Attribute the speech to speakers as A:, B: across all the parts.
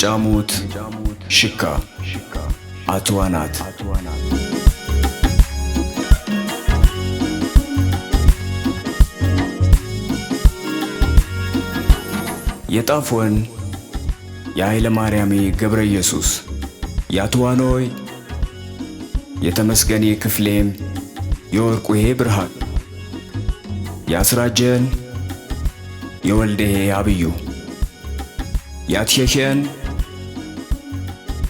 A: የጫሙት ሽካ አትዋናት የጣፎን የኃይለ ማርያሜ ገብረ ኢየሱስ የአትዋኖይ የተመስገኔ ክፍሌም የወርቁሄ ብርሃን የአስራጀን የወልደሄ አብዩ ያትሸሸን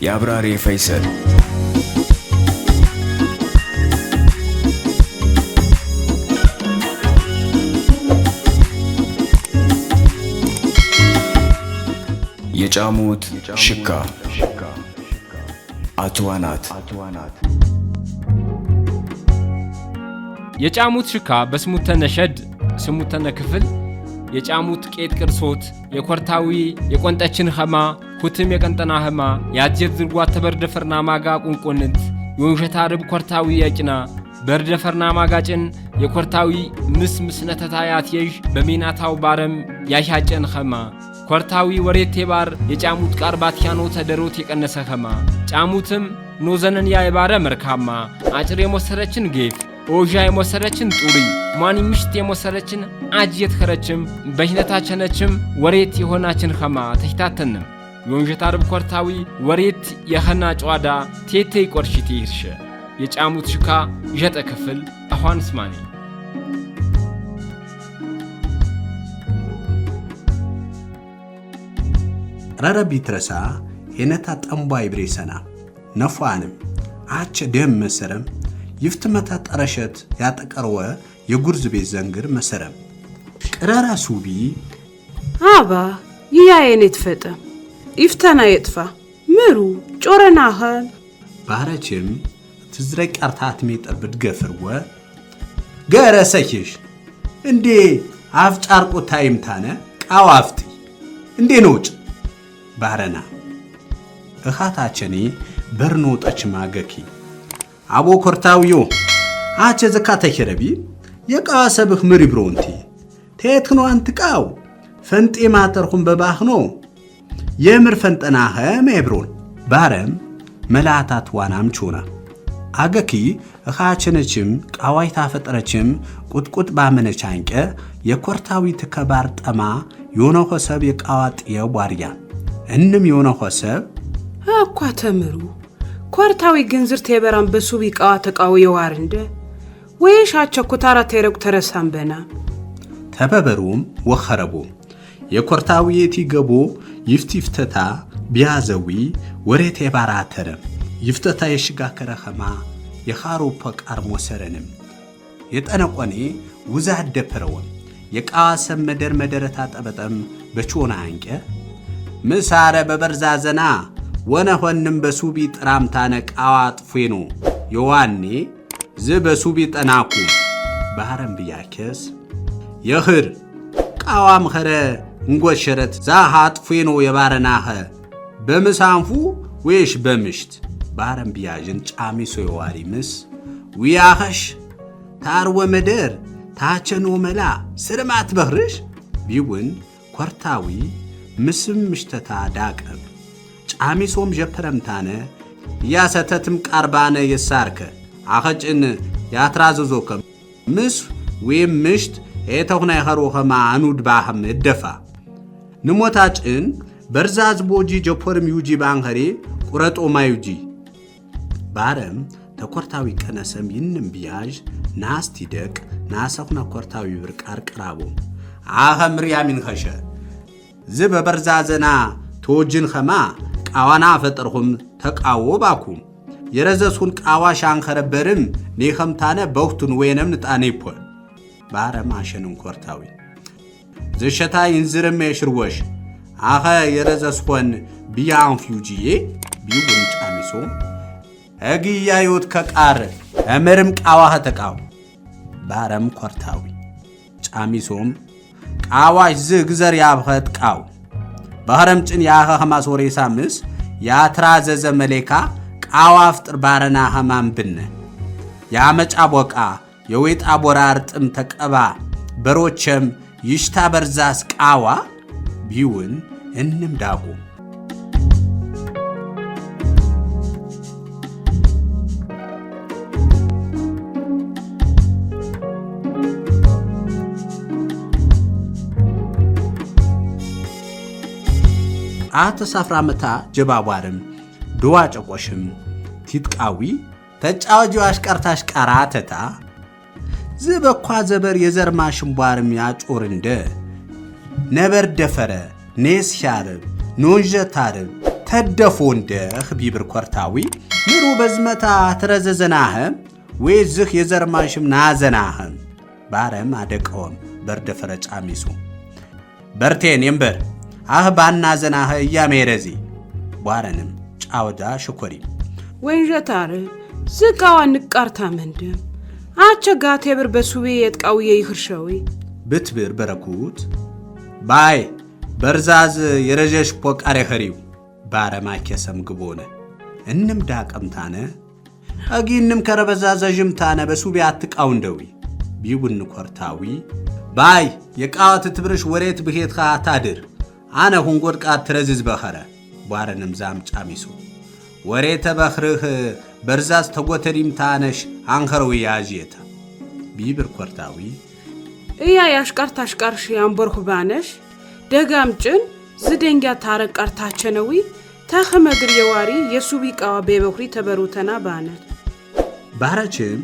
A: የአብራሪ ፈይሰል የጫሙት ሽካ አትዋናት የጫሙት ሽካ በስሙተነ ሸድ ስሙተነ ክፍል የጫሙት ቄጥ ቅርሶት የኮርታዊ የቆንጠችን ኸማ ኩትም የቀንጠና ህማ የአጀት ዝርጓ ተበርደ ፈርና ማጋ ቁንቁንት የውሸታ ርብ ኮርታዊ የጭና በርደ ፈርና ማጋጭን የኮርታዊ ምስ ምስነተታ ያትየዥ በሜናታው ባረም ያሻጨን ኸማ ኮርታዊ ወሬት የባር የጫሙት ቃር ባትያኖ ተደሮት የቀነሰ ኸማ ጫሙትም ኖዘነን የባረ መርካማ አጭር የሞሰረችን ጌፍ ኦዣ የሞሰረችን ጡሪ ሟኒ ምሽት የሞሰረችን አጅ የትከረችም በሽነታቸነችም ወሬት የሆናችን ኸማ ተሽታተንም የወንዠት አርብ ኮርታዊ ወሬት የኸና ጨዋዳ ቴቴ ቆርሽቴ ይርሸ የጫሙት ሽካ ዠጠ ክፍል አኋን ስማኒ
B: ረረ ቢትረሳ የነታ ጠንቧ ይብሬሰና ነፏንም አቸ ደም መሰረም ይፍትመታ ጠረሸት ያጠቀርወ የጉርዝ ቤት ዘንግር መሰረም ቅረራ ሱቢ
C: አባ ይያ የኔ ትፈጠም ይፍተና ይጥፋ ምሩ ጮረናኸን
B: ባረችም ትዝረቅ አርታት ሜጠብድ ገፍርወ ገረሰኪሽ እንዴ አፍ ጫርቆ ታይምታነ ቃዋፍቲ እንዴ ነውጭ ባረና እኻታቸኔ በርኖጠች ማገኪ አቦ ኮርታውዮ አቸ ዘካ ተከረቢ የቃዋ ሰብህ ምሪ ብሮንቲ ቴትክኖ አንትቃው ፈንጤ ማተርኩም በባህኖ የምር ፈንጠና ፈንጠናኸ ኤብሮን ባረም መላእታት ዋናም ቹና አገኪ እኻችነችም ቃዋይታ ፈጠረችም ቁጥቁጥ ባመነች አንቀ የኮርታዊ ትከባር ጠማ የሆነኸ ሰብ የቃዋጥ የቧርያ እንም የሆነኸ ሰብ
C: እኳ ተምሩ ኮርታዊ ግንዝር ቴበራን በሱብ ቃዋ ተቃው የዋር እንደ ወይ ሻቸው ኩታራ ተረቁ ተረሳም በና
B: ተበበሩም ወኸረቡ የኮርታዊ የቲ ገቦ ይፍቲፍተታ ቢያዘዊ ወሬት የባራተረም ይፍተታ የሽጋ ኸማ የኻሩ ቃርሞ ሞሰረንም የጠነቆኔ ውዛ ደፐረወም የቃዋሰብ መደር መደረታ ጠበጠም በቾና አንቀ ምሳረ በበርዛዘና ወነ ሆንም በሱቢ ጥራምታነ ቃዋ ጥፌኖ የዋኔ ዝ በሱቢ ጠናኩ ባህረም ብያኬስ የኽር ቃዋም ኸረ እንጎሸረት ዘሃጥፌኖ የባረናኸ በምሳንፉ ወይሽ በምሽት ባረም ቢያዥን ጫሚሶ የዋሪ ምስ ውያኸሽ ታርወ መደር ታቸኖ መላ ስርማት በኽርሽ ቢውን ኰርታዊ ምስም ምሽተታ ዳቀብ ጫሚሶም ዠፐረምታነ እያሰተትም ቃርባነ የሳርከ አኸጭን ያትራዘዞከ ምስ ወይም ምሽት የተኹናይ ኸሮኸማ አኑድ ባህም እደፋ ንሞታ ጭን በርዛዝ ቦጂ ጀፖርም ዩጂ ባንኸሬ ቁረጦማ ዩጂ ባረም ተኮርታዊ ቀነሰም ይንም ብያዥ ናስቲ ደቅ ናሰኹና ኮርታዊ ብርቃር ቅራቦ አኸምርያሚን ኸሸ ዝ በበርዛዘና ተወጅን ኸማ ቃዋና ፈጠርኹም ተቃዎ ባኩም የረዘስኹን ቃዋ ሻንኸረበርም ኔኸምታነ በውህቱን ወየነም ንጣኔ ይፖል ባረም አሸንም ኮርታዊ ዝሸታ ይንዝርም የሽርወሽ አኸ የረዘስኮን ቢያንፊውጅዬ ቢውን ጫሚሶ እግያዩት ከቃር እምርም ቃዋህ ተቃው ባረም ኮርታዊ ጫሚሶም ቃዋሽ ዝግዘር ያብኸ ጥቃው ባህረም ጭን ያኸ ኸማሶሬሳ ምስ ያትራ ዘዘ መሌካ ቃዋፍ ጥር ባረና ኸማም ብነ ያመጫ ቦቃ የዌጣ ቦራር ጥም ተቀባ በሮቸም ይሽታ በርዛስ ቃዋ ቢውን እንም ዳጉ አተ መታ ጀባቧርም ድዋ ጨቆሽም ቲትቃዊ ተጫዋጅዋሽ ቀርታሽ ቀራ ተታ ዝበኳ ዘበር የዘርማ ሽምቧርም ያጮር እንደ ነበር ደፈረ ኔስ ሻርብ ኖንዠ ታርብ ተደፎ እንደህ ቢብር ኮርታዊ ምሩ በዝመታ ወይ ትረዘዘናህም የዘር ማሽም ናዘናህ ባረም አደቀወም በርደፈረ ጫሚሱ በርቴን የምበር አህ ባናዘናህ እያሜረዚ ቧረንም ጫወዳ ሽኮሪ
C: ወንዠ ታርብ ዝቃዋ ንቃርታ መንድም አቸ አቸጋ ቴብር በሱቤ የጥቃውየ ይኽርሸዊ
B: ብትብር በረኩት ባይ በርዛዝ የረዠሽ ፖቃሬ ኸሪው ባረማኬ ሰምግቦነ እንም ዳቀምታነ አጊ እንም ከረበዛ ዘዥምታነ በሱቤ አትቃው እንደዊ ቢውን ኮርታዊ ባይ የቃወት ትብርሽ ወሬት ብሄትኻ አታድር አነ ሁንጎድቃ ትረዝዝ በኸረ ቧረንም ዛም ጫሚሶ ወሬተ በኽርህ በርዛዝ ተጎተሪም ታነሽ አንኸር ውያዥ የተ ቢብር ኰርታዊ
C: እያ ያሽቃር ታሽቃርሽ ያንበርሁ ባነሽ ደጋም ጭን ዝደንጊያ ታረቅ ቃርታቸነዊ ተኸመግር የዋሪ የሱቢ ቃዋ ቤበኩሪ ተበሩተና ባነት
B: ባረችም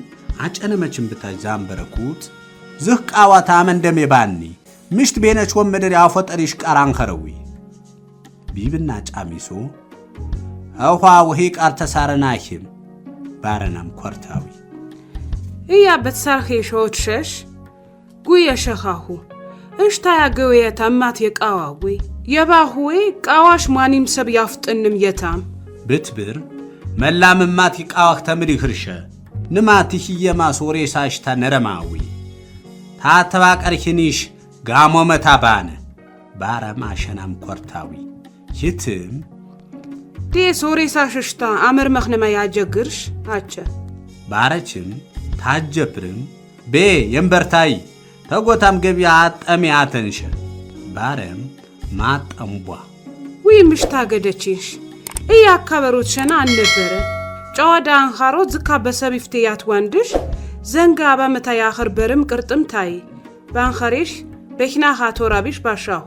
B: አጨነመችን ብታች ዛንበረኩት ዝህ ቃዋ ታመንደም የባኒ ምሽት ቤነች ወመደር ያፎጠሪሽ ቃር አንኸረዊ ቢብና ጫሚሶ አውኋ ውሄ ቃር ተሳረናሂም barənam kwartawi
C: iya betserxêşeot şeş gu yeşexaxu እሽታ ያገዌ የተማት የቃዋዊ የባህዌ ቃዋሽ ማኒም ሰብ ያፍጥንም የታም
B: ብትብር መላምማት ይቃዋህ ተምሪ ህርሸ ንማትሽ የማሶሬ ሳሽታ ነረማዊ ታተባቀርሽኒሽ ጋሞመታ ባነ ባረም አሸናም ኮርታዊ ይትም
C: ዴ ሶሬ ሳሽሽታ አመር መኽነማ ያጀግርሽ አቸ
B: ባረችም ታጀብርም ቤ የንበርታይ ተጎታም ገቢ አጠሜ አተንሸ ባረም ማጠምቧ
C: ውይ ምሽታ ገደችሽ እያ አካበሮት ሸና አልነበረ ጨዋዳ አንኻሮ ዝካ በሰቢፍቴ ያትዋንድሽ ዘንጋ ባመታ ያኸር በርም ቅርጥም ታይ ባንኸሬሽ በኪና ኻቶራቢሽ ባሻሆ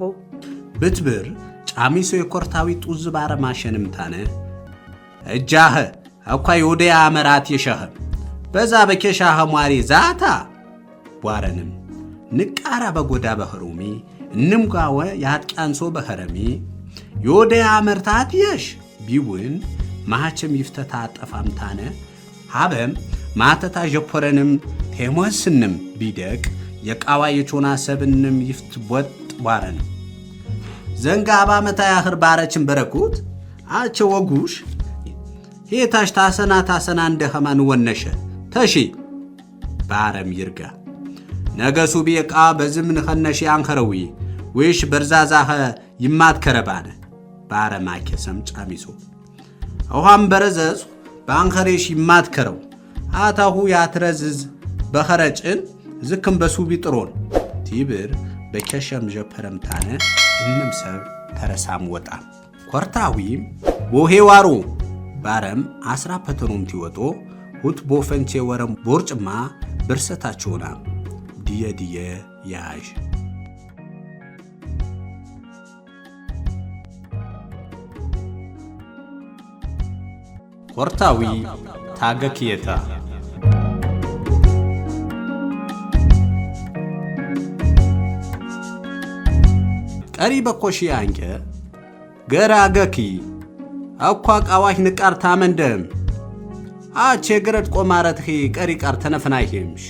B: ብትብር ጫሚሶ የኮርታዊ ጡዝ ባረ ማሸንም ታነ እጃህ አኳ የወደያ አመራት የሸኸ በዛ በኬሻኸ ሟሪ ዛታ ቧረንም ንቃራ በጎዳ በህሩሚ እንምጓወ የአጥቃንሶ በኸረሚ የወደያ አመርታት የሽ ቢውን ማቸም ይፍተታ አጠፋም ታነ ሀበም ማተታ ዠፖረንም ቴሞስንም ቢደቅ የቃዋ የቾና ሰብንም ይፍት ቦጥ ቧረንም ዘንጋባ መታያህር ባረችን በረኩት አቸ ወጉሽ ሄታሽ ታሰና ታሰና እንደ ኸማን ወነሸ ተሺ ባረም ይርጋ ነገሱ ቤቃ በዝም ንኸነሽ አንኸረዊ ውሽ በርዛዛኸ ይማትከረባነ አኬሰም ጫሚሶ ውሃም በረዘጹ በአንኸሬሽ ይማትከረው አታሁ ያትረዝዝ በኸረጭን ዝክም በሱቢ ጥሮን ቲብር በከሸም ዠፐረምታነ እንም ሰብ ተረሳም ወጣ ኮርታዊም ቦሄዋሮ ባረም አስራ ፐተኖም ቲወጦ ሁት ቦፈንቼ ወረም ቦርጭማ ብርሰታችሁና ድየ ድየ ያዥ ኮርታዊ ታገክየታ Qariba koshi ange geragaki akwa qawah niqar tamendem a chegret qomaretki qari qar tenefnayhimsh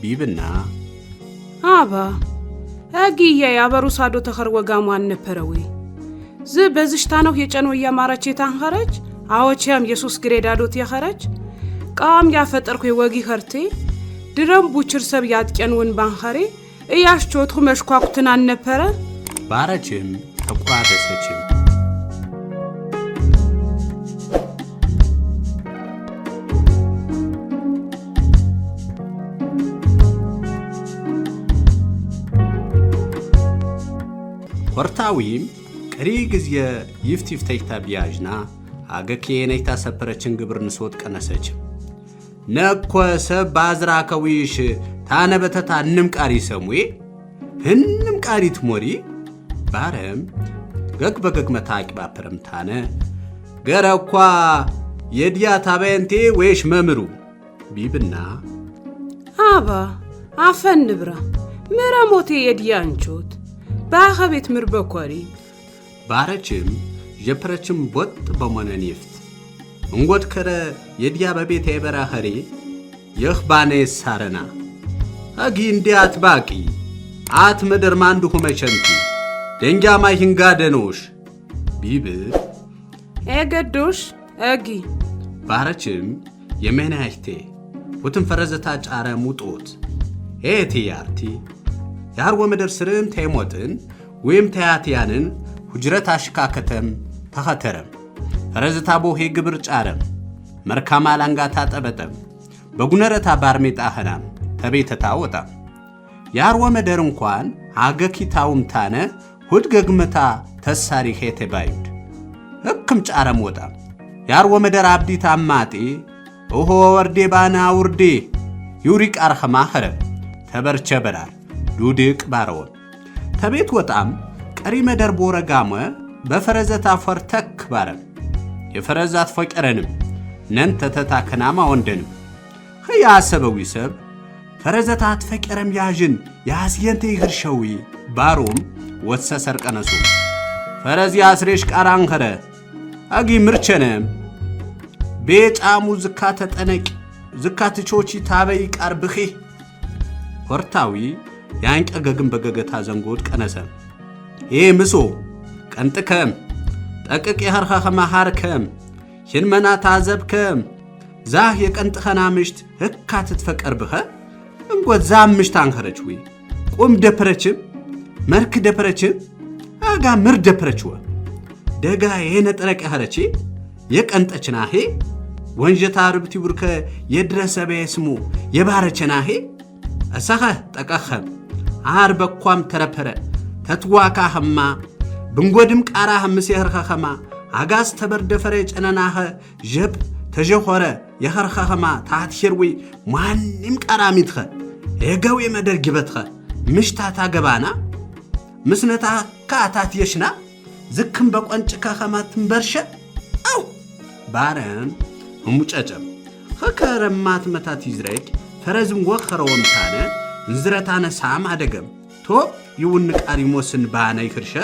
B: ቢብና
C: አባ አጊዬ ያበሩ ሳዶ ተኸር ወጋሙ አልነበረዊ ዝ በዝሽታ ነው የጨኖ እያማረች የታንኸረች አዎችያም የሱስ ግሬዳዶት የኸረች ቃም ያፈጠርኩ ወጊ ኸርቴ ድረም ቡችር ሰብ ያጥቀንውን ባንኸሬ እያሽቾት ሁመሽኳኩትን አልነበረ
B: ባረችም ተቋደሰችም። ሆርታዊም ቅሪ ጊዜ ይፍትፍተይታ ቢያዥና አገኬ የነይታ ሰፐረችን ግብር ንስወት ቀነሰች ነኮ ሰብ ባዝራ ከዊሽ ታነበተታ እንም ቃሪ ሰሙዬ እንም ቃሪ ትሞሪ ባርም ገግ በገግ አቂባ ፐረምታነ ገረ እኳ የድያ ታበንቴ ወይሽ መምሩ ቢብና
C: አባ አፈን ንብራ ምረ ሞቴ የድያ እንቾት በአኸ ቤት ምር በኮሪ
B: ባረችም ዠፐረችም ቦጥ በመነን ይፍት እንጎት ከረ የድያ በቤት የበራ ኸሬ የኽ ባነ የሳረና አጊ እንዲያት ባቂ አት ምድር ማንድሁ መቸንቲ ደንጃ mai hingade noş. Bibir.
C: ኤገዶሽ እጊ
B: ባህረችም የሜናይቴ ቡትን ፈረዘታ ጫረ ሙጦት ኤቲ ያርቲ ያር ወመደር ስርም ተይሞጥን ወይም ተያትያንን ሁጅረት አሽካከተም ከተም ተኸተረም ፈረዘታ ቦሄ ግብር ጫረም መርካማ ላንጋታ ጠበጠም በጉነረታ ባርሜጣ ኸናም ተቤተታ ወጣም ያር ወመደር እንኳን አገኪታውም ታነ ሁድ ሁድገግምታ ተሳሪ ሄቴ ባይድ ሕክም ጫረም ወጣ ያርወ መደር አብዲ ታማጢ ኦሆ ወርዴ ባና ውርዴ ዩሪቅ አርኸማ ኸረብ ተበርቸ በራር ዱድቅ ባረወ ተቤት ወጣም ቀሪ መደር ቦረጋመ በፈረዘት አፈር ተክ ባረ የፈረዛት ፈቀረንም ነን ተተታ ከናማ ወንደንም ኸያ ሰበዊ ሰብ ፈረዘታት ፈቀረም ያዥን ያስየንተ ይግርሸዊ ባሮም ወሰሰር ቀነሱ ፈረዚ አስሬሽ ቃራንኸረ አጊ ምርቸነ ቤጣሙ ዝካ ተጠነቂ ዝካ ትቾቺ ታበይ ቃር ብኺ ወርታዊ ያንቀ ገግም በገገታ ዘንጎት ቀነሰ ኤ ምሶ ቀንጥከም ጠቅቅ የኸርኸ ኸማሃርከም ሽንመና ታዘብከም ዛህ የቀንጥኸና ምሽት ህካ ትትፈቀርብኸ እንጎት ዛ ምሽት አንኸረች ዊ ቁም ደፐረችም መርክ ደፈረች አጋ ምር ደፐረችወ ደጋ የነጠረቅ ያህረቼ የቀንጠችናሄ ወንጀታ ርብቲ ቡርከ የድረሰበ ስሙ የባረቸናሄ እሰኸ አር በኳም ተረፐረ ተትዋካ ኸማ ብንጎድም ቃራ ኸምስ የኸርኸ ኸማ አጋዝ ተበርደፈረ ጨነናኸ ዠብ ተዠኾረ የኸርኸ ኸማ ማንም ቃራ ሚትኸ የገዌ መደር ግበትኸ ምሽታታ ገባና ምስነታ ካታት የሽና ዝክም በቆንጭ ከኸማትን በርሸ አው ባረን እሙጨጨም ኸከረማት መታት ይዝረግ ፈረዝም ታነ እንዝረታነ ሳም አደገም ቶ ይውን ቃሪሞስን ባነ ይክርሸ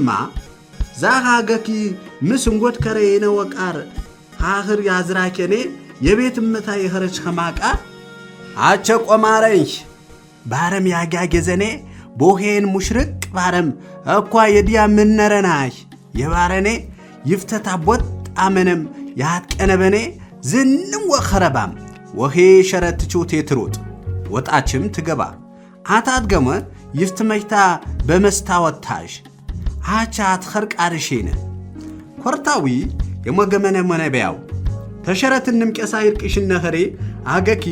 B: ድማ ዛኻ ገኪ ምስ እንጎድ ከረ የነወቃር ሃህር ያዝራኬኔ የቤት እመታ የኸረች ከማቃ አቸ ቆማረንሽ ባረም ያጋ ጌዘኔ ቦሄን ሙሽርቅ ባረም እኳ የድያ ምነረናሽ የባረኔ ይፍተታ ቦጥ አመነም ያትቀነበኔ ዝንም ወኸረባም ወሄ ሸረትችው ቴትሩጥ ወጣችም ትገባ አታት ገመ ይፍትመይታ በመስታወታሽ አቻት ኸርቃርሼነ ኰርታዊ የመገመነ መነቢያው ተሸረትንም ቄሳ ይርቅሽነ ኸሬ አገኪ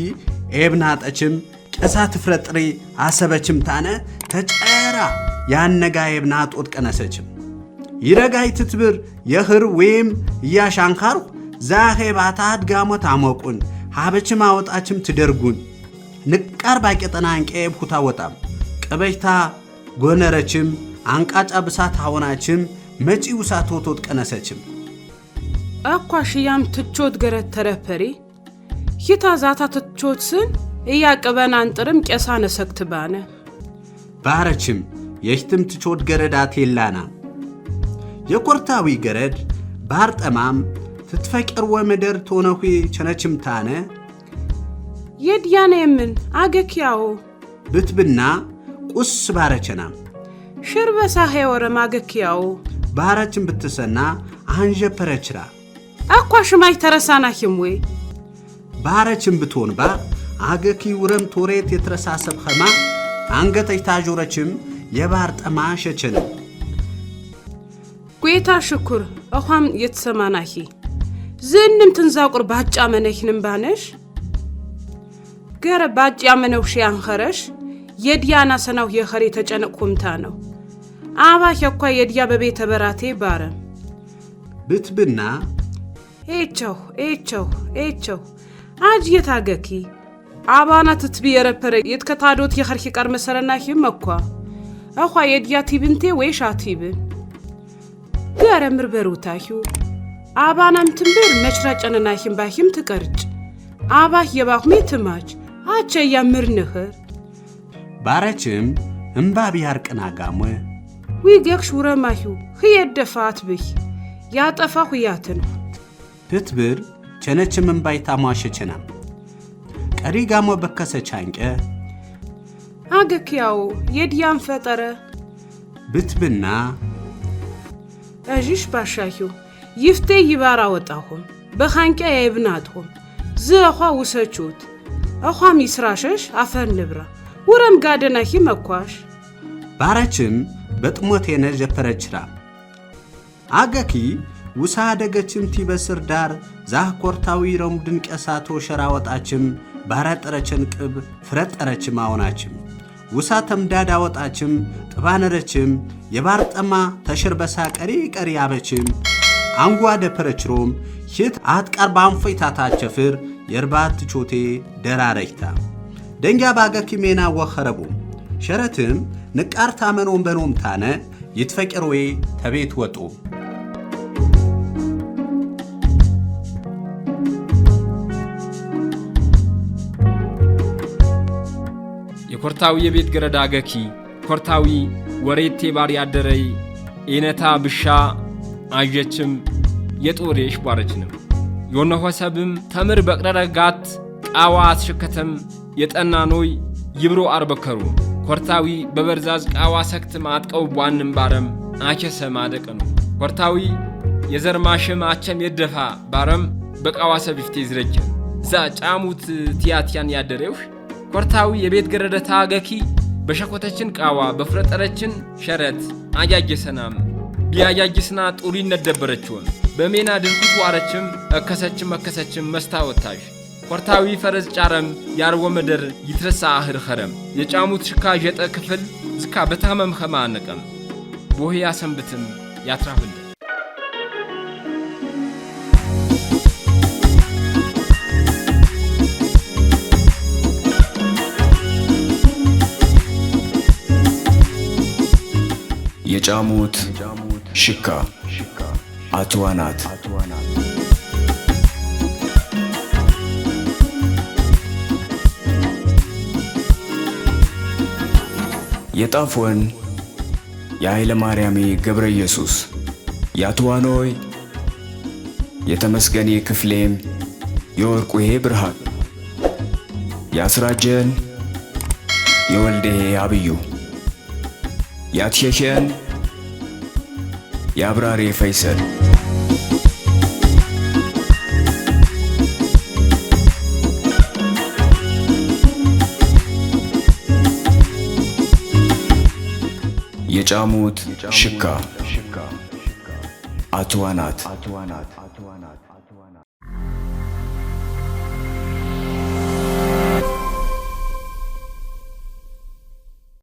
B: ኤብና ጠችም ቄሳ ትፍረጥሬ አሰበችም ታነ ተጨራ ያነጋ ኤብና ጦት ቀነሰችም ይረጋይ ትትብር የኽር ወይም እያሻንካር ዛኼ ባታ ጋሞት አሞቁን ሃበችም አወጣችም ትደርጉን ንቃር ባቄጠና አንቄ ብኩታ ወጣም ቀበጅታ ጎነረችም አንቃጫ ብሳት መጪ ውሳት ወቶት ቀነሰችም
C: አኳ ሽያም ትቾት ገረት ተረፈሪ ይታ ዛታ ትቾት ስን እያቅበን አንጥርም ቄሳ ነሰክት ባነ
B: ባረችም የሽትም ትቾት ገረዳት የላና የኮርታዊ ገረድ ባር ጠማም ትትፈቀር ወመደር ቶነሁ ቸነችም ታነ
C: የድያነ የምን አገኪያዎ
B: ብትብና ቁስ ባረቸናም
C: ሽርበሳሕ የወረማ ገኪያው
B: ባህራችን ብትሰና ፐረችራ
C: አኳ ሽማይ ተረሳና ሂምዌ
B: ባህረችን ብትሆንባ አገኪ ውረም ቶሬት የተረሳሰብ ኸማ አንገተች ታዦረችም የባህር ጠማ ሸችን
C: ጌታ ሽኩር እዃም የተሰማናሂ ዝንም ትንዛቁር ባጫ መነሽንም ባነሽ ገረ ባጫ መነውሽ ያንኸረሽ የዲያና ሰናው የኸሬ ተጨነቅኩምታ ነው አባኪ ኳ የድያ በቤተ በራቴ ባረ ብትብና ኤቸው ኤቸው ኤቸው አጅ የታገኪ አባና ትትቢ የረፐረ የትከታዶት የኸርኪ ቀር መሰረና ሂም እኳ እኳ የድያ ቲብንቴ ወይ ሻቲብ ገረ ምርበሩ ምርበሩታሂ አባናም ትንበር መችራጨንና ሂም ባሂም ትቀርጭ አባህ የባሁሜ ትማች አቸ ያምር ንህር
B: ባረችም እምባብ ያርቅና ጋሞ
C: ዊገክሽ ውረማሂው ህየት ደፋት ብህ ያጠፋ ሁያትንሁ
B: ትትብር ቸነች ምንባይታ ሟሸችናም ቀሪ ጋሞ በከሰች አንቀ
C: አገክያው የድያም ፈጠረ ብትብና እዥሽ ባሻሂው ይፍቴ ይባራ ወጣሁም በኻንቀ የብናትሁም ዝእኳ ውሰችሁት እኳም ይስራሸሽ አፈን ንብራ ውረም ጋደናሂ መኳሽ
B: ባረችም በጥሞቴነ ጀፐረችራ አገኪ ውሳ ውሳደገችም ቲበስር ዳር ዛህ ኮርታዊ ረም ድንቅ እሳቶ ሸራወጣችም ባረጠረችን ቅብ ፍረጠረችም አወናችም ውሳ ተምዳድ አወጣችም ጥባነረችም የባርጠማ ተሽርበሳ ቀሪ ቀሪ አበችም አንጓ ደፐረችሮም ሽት አትቀር አትቃር ቸፍር የእርባት ቾቴ ደራረጅታ ደንጋ ባገኪ ሜና ወኸረቡም ሸረትም ንቃርታ ታመኖም በኖም ታነ ይትፈቅሮዌ ተቤት ወጡ የኮርታዊ የቤት ገረዳ ገኪ ኮርታዊ ወሬቴ ባሪ አደረይ ኤነታ ብሻ አየችም የጦሬሽ ቧረችንም የሆነሆሰብም ተምር በቅረረጋት ቃዋ አስሸከተም የጠናኖይ ይብሮ አርበከሩ ኮርታዊ በበርዛዝ ቃዋ ሰክት ማጥቀው ቧንም ባረም አቸሰ ማደቅ ነው ኮርታዊ የዘርማሽም አቸም የደፋ ባረም በቃዋ ሰቢፍቴ ዝረጀ እዛ ጫሙት ቲያቲያን ያደሬውሽ ኮርታዊ የቤት ገረደታ አገኪ በሸኮተችን ቃዋ በፍረጠረችን ሸረት አያጀሰናም ቢያያጅስና ጡሪ ነደበረችውን በሜና ድንኩት ዋረችም እከሰችም እከሰችም መስታወታዥ ቆርታዊ ፈረስ ጫረም ያርዎ መደር ይትረሳ አህር ኸረም የጫሙት ሽካ ዠጠ ክፍል ዝካ በታመም ኸማ አነቀም ቦህያ ሰንብትም ያትራፍል
A: የጫሙት ሽካ አትዋናት የጣፍወን የኃይለ ማርያሜ ገብረ ኢየሱስ የአትዋኖይ የተመስገኔ ክፍሌም የወርቁሄ ብርሃን የአስራጀን የወልዴሄ አብዩ ያትሸሸን የአብራሬ ፈይሰል የጫሙት ሽካ አትዋናት